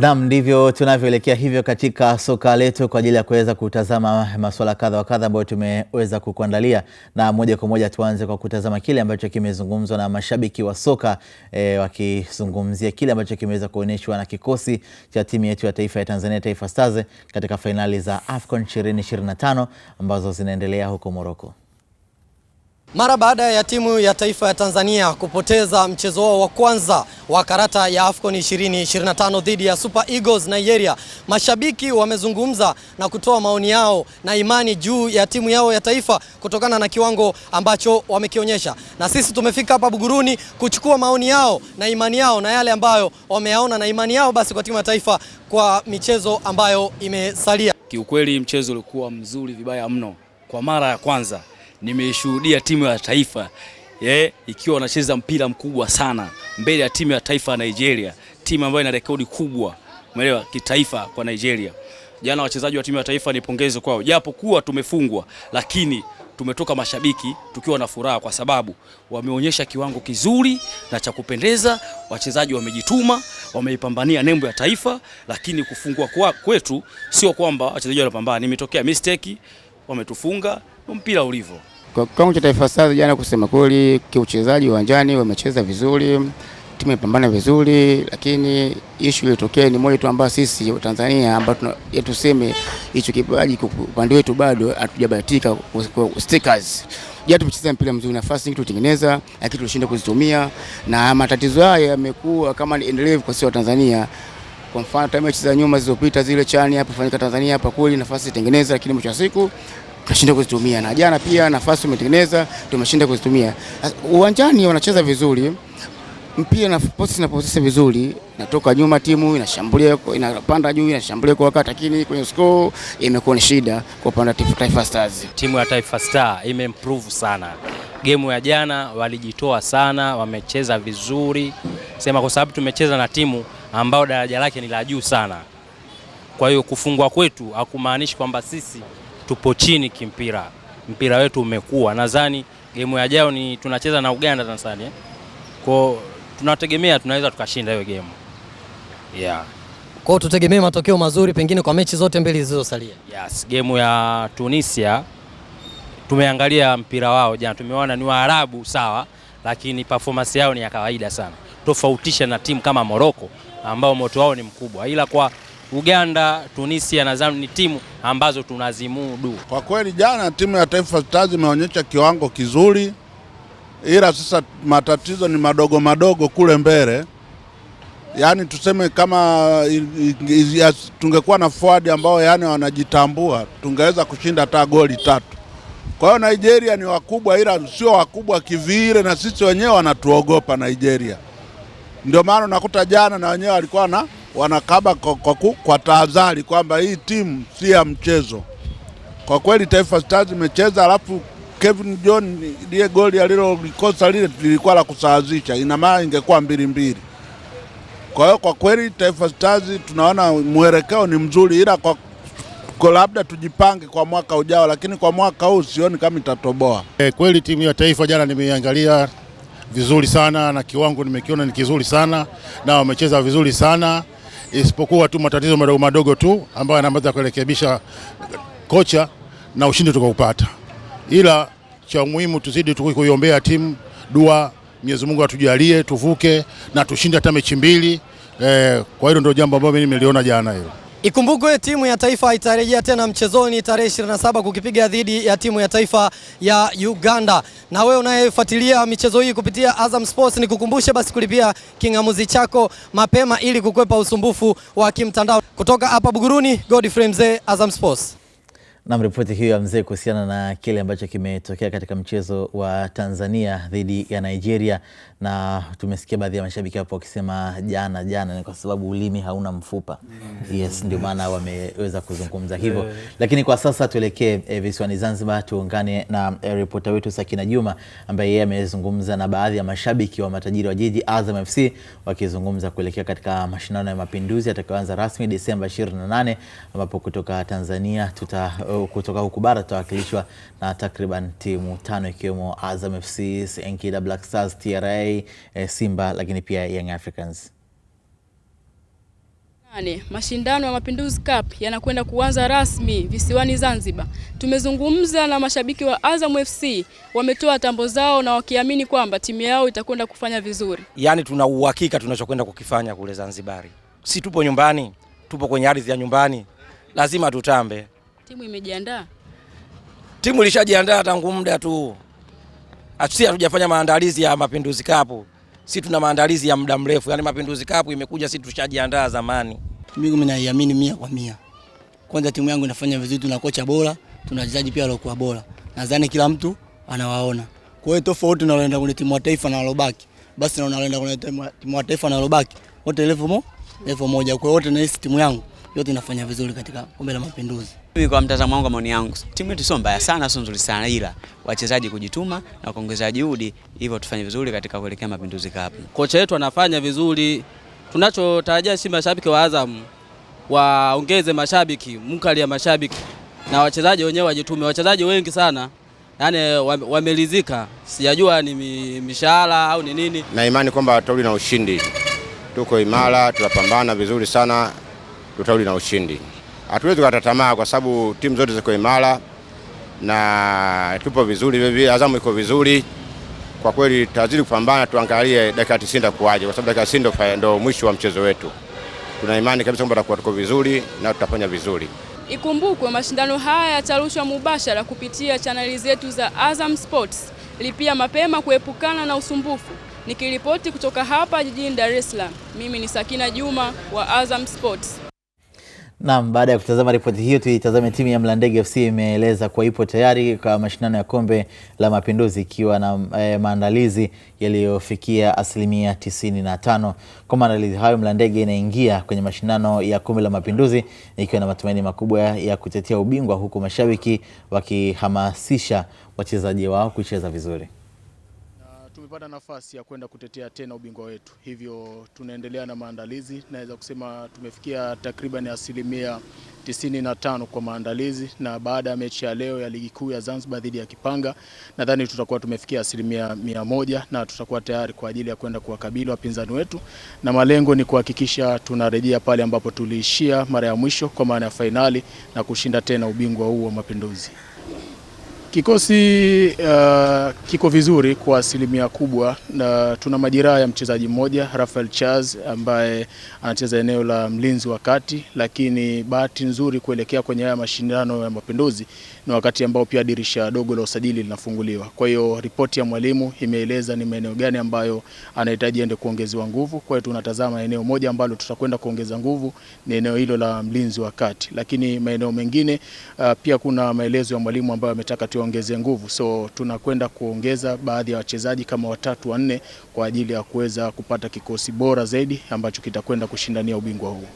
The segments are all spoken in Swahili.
Naam, ndivyo tunavyoelekea hivyo katika soka letu kwa ajili ya kuweza kutazama masuala kadha wa kadha ambayo tumeweza kukuandalia, na moja kwa moja tuanze kwa kutazama kile ambacho kimezungumzwa na mashabiki wa soka e, wakizungumzia kile ambacho kimeweza kuonyeshwa na kikosi cha timu yetu ya taifa ya Tanzania Taifa Stars katika fainali za AFCON 2025 ambazo zinaendelea huko Morocco. Mara baada ya timu ya taifa ya Tanzania kupoteza mchezo wao wa kwanza wa karata ya AFCON 2025 dhidi ya Super Eagles Nigeria, mashabiki wamezungumza na kutoa maoni yao na imani juu ya timu yao ya taifa kutokana na kiwango ambacho wamekionyesha, na sisi tumefika hapa Buguruni kuchukua maoni yao na imani yao na yale ambayo wameyaona na imani yao basi kwa timu ya taifa kwa michezo ambayo imesalia. Kiukweli mchezo ulikuwa mzuri vibaya mno kwa mara ya kwanza nimeshuhudia timu ya taifa yeah, ikiwa wanacheza mpira mkubwa sana mbele ya timu ya taifa ya Nigeria, timu ambayo ina rekodi kubwa, umeelewa, kitaifa kwa Nigeria. Jana wachezaji wa timu ya taifa ni kwao, japo kuwa tumefungwa, lakini tumetoka mashabiki tukiwa na furaha, kwa sababu wameonyesha kiwango kizuri na cha kupendeza. Wachezaji wamejituma, wameipambania nembo ya taifa, lakini kufungwa kwa kwetu sio kwamba wachezaji wanapambana, nimetokea mistake, wametufunga mpira ulivyo. Kwa kiwango cha Taifa Stars jana, kusema kweli, kiuchezaji uwanjani wamecheza vizuri, timu imepambana vizuri, lakini issue iliyotokea ni moja tu ambayo sisi wa Tanzania ambao tuseme hicho kipaji upande wetu bado hatujabahatika stickers ja tumecheza mpira mzuri, nafasi nyingi tutengeneza, lakini tulishinda kuzitumia, na matatizo haya yamekuwa kama ni endelevu kwa sisi wa Tanzania. Kwa mfano mechi za nyuma zilizopita zile chani hapa fanyika Tanzania hapa kweli, nafasi tengeneza, lakini mwisho wa siku tunashinda kuzitumia, na jana pia nafasi tumetengeneza tumeshinda kuzitumia. Uwanjani wanacheza vizuri mpira na posi zinaposesa vizuri, natoka nyuma, timu inashambulia inapanda juu, inashambulia kwa wakati, lakini kwenye score imekuwa ni shida kwa upande wa Taifa Stars. Timu ya Taifa Star imeimprove sana, gemu ya jana walijitoa sana, wamecheza vizuri sema, kwa sababu tumecheza na timu ambayo daraja lake ni la juu sana. Kwa hiyo kufungwa kwetu hakumaanishi kwamba sisi tupo chini kimpira, mpira wetu umekuwa. Nadhani gemu jao ni tunacheza na Uganda Tanzania, kwa tunategemea tunaweza tukashinda hiyo gemu yeah. Kwao tutegemee matokeo mazuri pengine kwa mechi zote mbili zilizosalia. Yes, gemu ya Tunisia tumeangalia mpira wao jana, tumeona ni Waarabu sawa, lakini performance yao ni ya kawaida sana, tofautisha na timu kama Morocco ambao moto wao ni mkubwa, ila kwa Uganda, Tunisia nadhani ni timu ambazo tunazimudu kwa kweli. Jana timu ya Taifa Stars imeonyesha kiwango kizuri, ila sasa matatizo ni madogo madogo kule mbele. Yaani tuseme kama tungekuwa na forward ambao yani wanajitambua tungeweza kushinda hata goli tatu. Kwa hiyo Nigeria ni wakubwa, ila sio wakubwa kivile, na sisi wenyewe wanatuogopa Nigeria, ndio maana unakuta jana na wenyewe walikuwa na wanakaba kwa, kwa, kwa tahadhari kwamba hii timu si ya mchezo. Kwa kweli Taifa Stars imecheza, alafu Kevin John ile goli alilolikosa lile lilikuwa la kusawazisha, ina maana ingekuwa mbili mbili. Kwa hiyo kwa kweli Taifa Stars tunaona mwelekeo ni mzuri, ila kwa labda tujipange kwa mwaka ujao, lakini kwa mwaka huu sioni kama itatoboa. E, kweli timu ya taifa jana nimeiangalia vizuri sana na kiwango nimekiona ni kizuri sana na wamecheza vizuri sana isipokuwa tu matatizo madogo madogo tu ambayo yanaweza kurekebisha kocha na ushindi tukaupata, ila cha muhimu tuzidi tu kuiombea timu dua, Mwenyezi Mungu atujalie tuvuke na tushinde hata mechi mbili eh. Kwa hilo ndio jambo ambalo mimi niliona jana hilo. Ikumbukwe timu ya taifa itarejea tena mchezoni tarehe 27 kukipiga dhidi ya timu ya taifa ya Uganda. Na wewe unayefuatilia michezo hii kupitia Azam Sports, ni kukumbushe basi kulipia kingamuzi chako mapema ili kukwepa usumbufu wa kimtandao. Kutoka hapa Buguruni, Godfrey Mzee, Azam Sports. Nam, ripoti hiyo ya mzee kuhusiana na kile ambacho kimetokea katika mchezo wa Tanzania dhidi ya Nigeria na tumesikia baadhi ya mashabiki hapo wakisema jana jana, ni kwa sababu ulimi hauna mfupa Yes, ndio maana wameweza kuzungumza hivyo eh. Lakini kwa sasa tuelekee eh, visiwani Zanzibar, tuungane na eh, ripota wetu Sakina Juma ambaye yeye amezungumza na baadhi ya mashabiki wa matajiri wa jiji Azam FC wakizungumza kuelekea katika mashindano ya Mapinduzi yatakayoanza rasmi Desemba 28 ambapo kutoka Tanzania tuta, uh, kutoka huku bara tutawakilishwa na takriban timu tano ikiwemo Azam FC, NKD Black Stars, TRA Bay e, eh, Simba lakini pia Young Africans. Nane, mashindano ya Mapinduzi Cup yanakwenda kuanza rasmi visiwani Zanzibar. Tumezungumza na mashabiki wa Azam FC, wametoa tambo zao na wakiamini kwamba timu yao itakwenda kufanya vizuri. Yaani tuna uhakika tunachokwenda kukifanya kule Zanzibari. Si tupo nyumbani, tupo kwenye ardhi ya nyumbani, lazima tutambe. Timu imejiandaa, timu ilishajiandaa tangu muda tu. Sisi hatujafanya maandalizi ya Mapinduzi kapu, Sisi tuna maandalizi ya muda mrefu. Yani Mapinduzi kapu imekuja sisi tushajiandaa zamani. Mimi naiamini mia kwa mia. Kwanza timu yangu inafanya vizuri, tuna kocha bora, tuna wachezaji pia waliokuwa bora. Nadhani kila mtu anawaona. Kwa hiyo tofauti na unaenda kwenye timu ya taifa na walobaki. Basi na unaenda kwenye timu ya taifa na walobaki. Wote level mo, level moja. Kwa hiyo wote na hisi timu yangu yote inafanya vizuri katika Kombe la Mapinduzi. Kwa mtazamo wangu, maoni yangu, timu yetu sio mbaya sana, sio nzuri sana, ila wachezaji kujituma na kuongeza juhudi, hivyo tufanye vizuri katika kuelekea Mapinduzi Cup. Kocha wetu anafanya vizuri, tunachotarajia si mashabiki wa Azam waongeze mashabiki, mkali ya mashabiki na wachezaji wenyewe wajitume. Wachezaji wengi sana yani wamelizika, sijajua ni mishahara au ni nini, na imani kwamba tutarudi na ushindi. Tuko imara, tunapambana vizuri sana, tutarudi na ushindi hatuwezi kukata tamaa kwa sababu timu zote ziko imara na tupo vizuri, vile Azamu iko vizuri kwa kweli. tazidi kupambana, tuangalie dakika 90 itakuwaje, kwa sababu dakika 90 ndo mwisho wa mchezo wetu. Tuna imani kabisa kwamba tutakuwa tuko vizuri na tutafanya vizuri. Ikumbukwe mashindano haya yatarushwa mubashara kupitia chaneli zetu za Azam Sports. Lipia mapema kuepukana na usumbufu. Nikiripoti kutoka hapa jijini Dar es Salaam, mimi ni Sakina Juma wa Azam Sports. Naam, baada ya kutazama ripoti hiyo tuitazame timu ya Mlandege FC imeeleza kuwa ipo tayari kwa mashindano ya Kombe la Mapinduzi ikiwa na e, maandalizi yaliyofikia asilimia tisini na tano. Kwa maandalizi hayo, Mlandege inaingia kwenye mashindano ya Kombe la Mapinduzi ikiwa na matumaini makubwa ya kutetea ubingwa huku mashabiki wakihamasisha wachezaji wao kucheza vizuri tumepata nafasi ya kwenda kutetea tena ubingwa wetu, hivyo tunaendelea na maandalizi. Naweza kusema tumefikia takriban asilimia 95 kwa maandalizi, na baada ya mechi ya leo ya ligi kuu ya Zanzibar dhidi ya Kipanga, nadhani tutakuwa tumefikia asilimia mia moja na tutakuwa tayari kwa ajili ya kwenda kuwakabili wapinzani wetu, na malengo ni kuhakikisha tunarejea pale ambapo tuliishia mara ya mwisho, kwa maana ya fainali na kushinda tena ubingwa huu wa Mapinduzi. Kikosi uh, kiko vizuri kwa asilimia kubwa, na tuna majeraha ya mchezaji mmoja Rafael Chaz ambaye anacheza eneo la mlinzi wa kati, lakini bahati nzuri kuelekea kwenye haya mashindano ya Mapinduzi na wakati ambao pia dirisha dogo la usajili linafunguliwa. Kwa hiyo ripoti ya mwalimu imeeleza ni maeneo gani ambayo anahitaji ende kuongezewa nguvu. Kwa hiyo tunatazama eneo moja ambalo tutakwenda kuongeza nguvu ni eneo hilo la mlinzi wa kati, lakini maeneo mengine uh, pia kuna maelezo ya mwalimu ambayo ametaka tuongeze nguvu, so tunakwenda kuongeza baadhi ya wachezaji kama watatu wanne kwa ajili ya kuweza kupata kikosi bora zaidi ambacho kitakwenda kushindania ubingwa huu.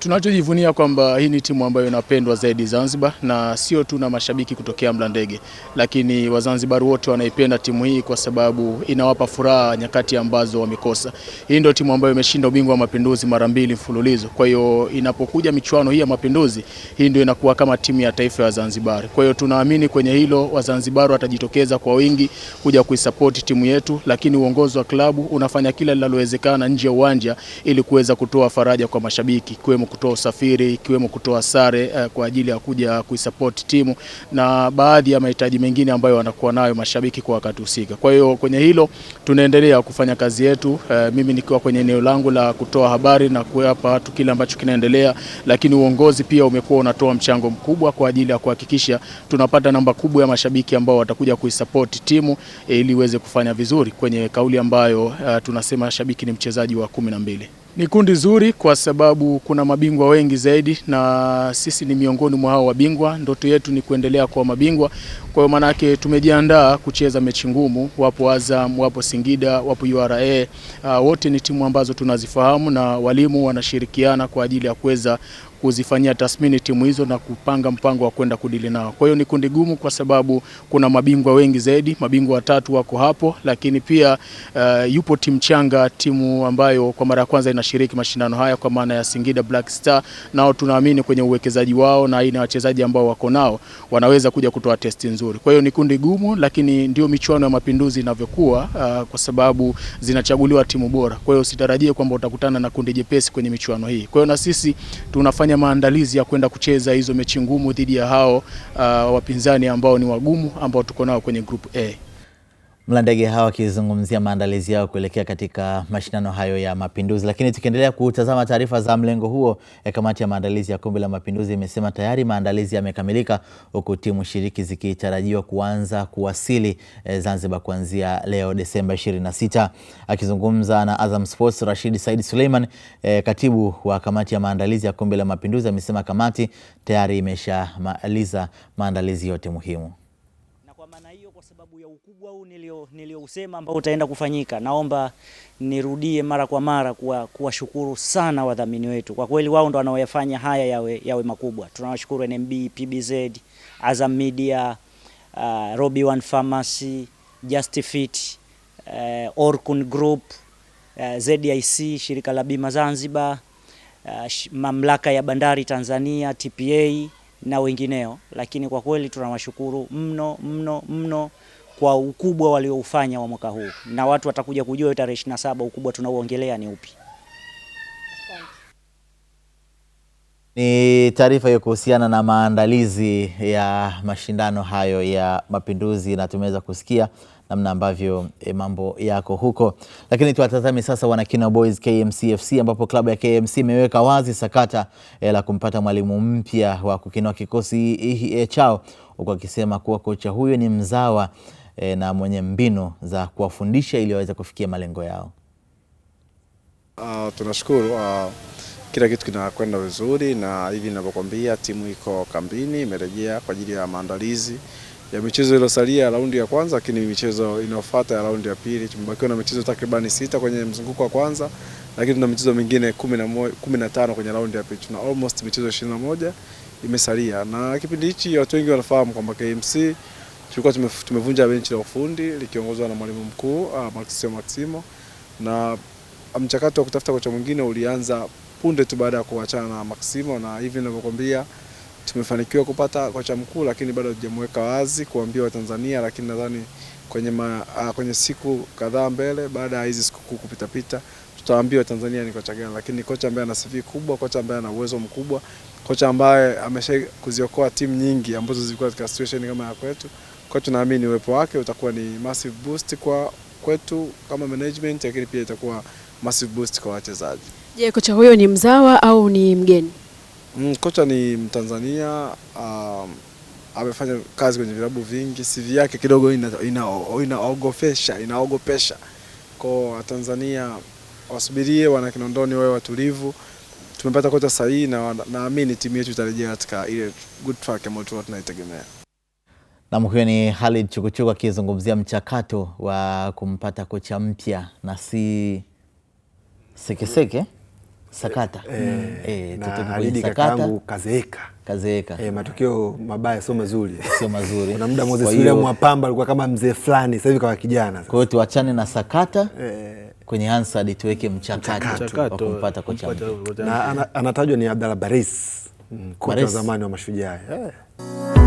Tunachojivunia kwamba hii ni timu ambayo inapendwa zaidi Zanzibar, na sio tu na mashabiki kutokea Mlandege, lakini Wazanzibari wote wanaipenda timu hii kwa sababu inawapa furaha nyakati ambazo wamekosa. Hii ndio timu ambayo imeshinda ubingwa wa Mapinduzi mara mbili mfululizo. Kwa hiyo inapokuja michuano hii ya Mapinduzi, hii ndio inakuwa kama timu ya taifa ya Zanzibar. Kwa hiyo tunaamini kwenye hilo, Wazanzibari watajitokeza kwa wingi kuja kuisapoti timu yetu, lakini uongozi wa klabu unafanya kila linalowezekana nje ya uwanja ili kuweza kutoa faraja kwa mashabiki ikiwemo kutoa usafiri, ikiwemo kutoa sare uh, kwa ajili ya kuja kuisupport timu na baadhi ya mahitaji mengine ambayo wanakuwa nayo mashabiki kwa wakati husika. Kwa hiyo kwenye hilo tunaendelea kufanya kazi yetu, uh, mimi nikiwa kwenye eneo langu la kutoa habari na kuwapa watu kile ambacho kinaendelea, lakini uongozi pia umekuwa unatoa mchango mkubwa kwa ajili ya kuhakikisha tunapata namba kubwa ya mashabiki ambao watakuja kuisupport timu eh, ili iweze kufanya vizuri kwenye kauli ambayo uh, tunasema shabiki ni mchezaji wa kumi na mbili. Ni kundi zuri kwa sababu kuna mabingwa wengi zaidi na sisi ni miongoni mwa hao wabingwa. Ndoto yetu ni kuendelea kuwa mabingwa, kwa hiyo maanake tumejiandaa kucheza mechi ngumu. Wapo Azam, wapo Singida, wapo URA. Uh, ah, wote ni timu ambazo tunazifahamu na walimu wanashirikiana kwa ajili ya kuweza kuzifanyia tathmini timu hizo na kupanga mpango wa kwenda kudili nao. Kwa hiyo ni kundi gumu kwa sababu kuna mabingwa wengi zaidi, mabingwa watatu wako hapo, lakini pia uh, yupo timu changa, timu ambayo kwa mara ya kwanza inashiriki mashindano haya kwa maana ya Singida Black Star, nao tunaamini kwenye uwekezaji wao na aina ya wachezaji ambao wako nao wanaweza kuja kutoa testi nzuri. Kwa hiyo ni kundi gumu, lakini ndio michuano ya mapinduzi inavyokuwa, uh, kwa sababu zinachaguliwa timu bora. Kwa hiyo usitarajie kwamba utakutana na kundi jepesi kwenye michuano hii. Kwa hiyo na sisi tunafanya kufanya maandalizi ya kwenda kucheza hizo mechi ngumu dhidi ya hao uh, wapinzani ambao ni wagumu ambao tuko nao kwenye group A. Mlandege hawa akizungumzia maandalizi yao kuelekea katika mashindano hayo ya Mapinduzi. Lakini tukiendelea kutazama taarifa za mlengo huo, ya eh, kamati ya maandalizi ya Kombe la Mapinduzi imesema tayari maandalizi yamekamilika, huku timu shiriki zikitarajiwa kuanza kuwasili eh, Zanzibar kuanzia leo Desemba 26. Akizungumza na Azam Sports, Rashid Said Suleiman, eh, katibu wa kamati ya maandalizi ya Kombe la Mapinduzi, amesema kamati tayari imeshamaliza maandalizi yote muhimu mkubwa huu niliousema ambao utaenda kufanyika, naomba nirudie mara kwa mara kuwashukuru sana wadhamini wetu. Kwa kweli wao ndo wanaoyafanya haya yawe, yawe makubwa. Tunawashukuru NMB, PBZ, Azam Media, uh, Robi One Pharmacy, Just Fit, uh, Orkun Group, uh, ZIC, shirika la bima Zanzibar, uh, mamlaka ya bandari Tanzania, TPA na wengineo, lakini kwa kweli tunawashukuru mno mno mno kwa ukubwa walioufanya wa mwaka huu, na watu watakuja kujua tarehe 27 ukubwa tunaoongelea ni upi. Ni taarifa hiyo kuhusiana na maandalizi ya mashindano hayo ya Mapinduzi, na tumeweza kusikia namna ambavyo e, mambo yako huko, lakini tuwatazame sasa wanakina Boys FC, ambapo klabu ya KMC imeweka wazi sakata e, la kumpata mwalimu mpya wa kukinoa kikosi e, chao, huku akisema kuwa kocha huyo ni mzawa e, na mwenye mbinu za kuwafundisha ili waweze kufikia malengo yao? Uh, tunashukuru uh, kila kitu kinakwenda vizuri na hivi ninavyokuambia, timu iko kambini, imerejea kwa ajili ya maandalizi ya michezo iliyosalia raundi ya kwanza, lakini michezo inayofuata ya raundi ya pili. Tumebakiwa na michezo takribani sita kwenye mzunguko wa kwanza, lakini tuna michezo mingine kumi na tano kwenye raundi ya pili. Tuna almost michezo ishirini na moja imesalia, na kipindi hichi watu wengi wanafahamu kwamba KMC tulikuwa tumevunja benchi la ufundi likiongozwa na mwalimu mkuu uh, Maximo Maximo, na mchakato wa kutafuta kocha mwingine ulianza punde tu baada ya kuachana na Maximo, na hivi ninavyokuambia tumefanikiwa kupata kocha mkuu, lakini bado hatujamweka wazi kuambia Watanzania, lakini nadhani kwenye, ma, uh, kwenye siku kadhaa mbele baada ya hizi sikukuu kupitapita tutawaambia Tanzania ni kocha gani, lakini kocha ambaye ana CV kubwa, kocha ambaye ana uwezo mkubwa, kocha ambaye amesha kuziokoa timu nyingi ambazo zilikuwa katika situation kama ya kwetu. Kwa tunaamini uwepo wake utakuwa ni massive boost kwa kwetu kama management, lakini pia itakuwa massive boost kwa wachezaji. Je, kocha huyo ni mzawa au ni mgeni? Mm, kocha ni Mtanzania um, amefanya kazi kwenye vilabu vingi. CV yake kidogo inaogopesha ina, ina inaogopesha kwa Watanzania, wasubirie wana Kinondoni wawe watulivu. Tumepata kocha sahihi na naamini timu yetu itarejea katika ile good track ambayo tunaitegemea. Nam, huyo ni Khalid Chukuchuku akizungumzia mchakato wa kumpata kocha mpya na si sekeseke sakata eh, mm. eh, eh, kazeeka kazeeka kazeeka. E, matokeo mabaya sio mazuri, sio mazuri. Kuna muda Moses William Mwapamba alikuwa kama mzee fulani, sasa hivi kawa kijana. Kwa hiyo tuachane na sakata e, kwenye Hansard tuweke mchakato wa kumpata kocha mpya na anatajwa ni Abdalla Baris, kocha wa zamani wa Mashujaa.